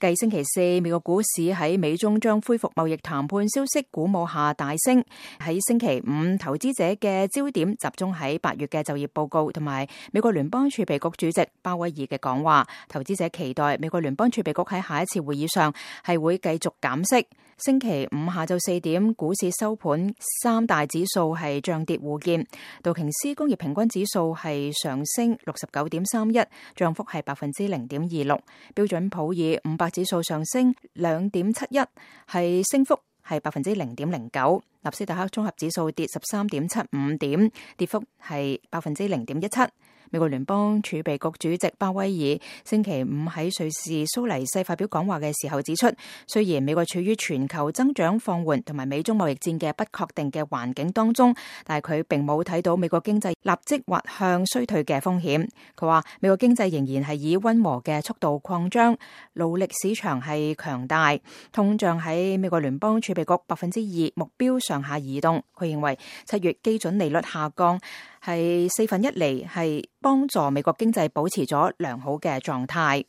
繼星期四，美國股市喺美中將恢復貿易談判消息鼓舞下大升。喺星期五，投資者嘅焦點集中喺八月嘅就業報告同埋美國聯邦儲備局主席鮑威爾嘅講話。投資者期待美國聯邦儲備局喺下一次會議上係會繼續減息。星期五下晝四點，股市收盤，三大指數係漲跌互見。道瓊斯工業平均指數係上升六十九點三一，漲幅係百分之零點二六。標準普爾五百指數上升兩點七一，係升幅係百分之零點零九。納斯達克綜合指數跌十三點七五點，跌幅係百分之零點一七。美國聯邦儲備局主席鮑威爾星期五喺瑞士蘇黎世發表講話嘅時候指出，雖然美國處於全球增長放緩同埋美中貿易戰嘅不確定嘅環境當中，但係佢並冇睇到美國經濟立即滑向衰退嘅風險。佢話美國經濟仍然係以溫和嘅速度擴張，勞力市場係強大，通脹喺美國聯邦儲備局百分之二目標上下移動。佢認為七月基準利率下降。係四分一厘係幫助美國經濟保持咗良好嘅狀態。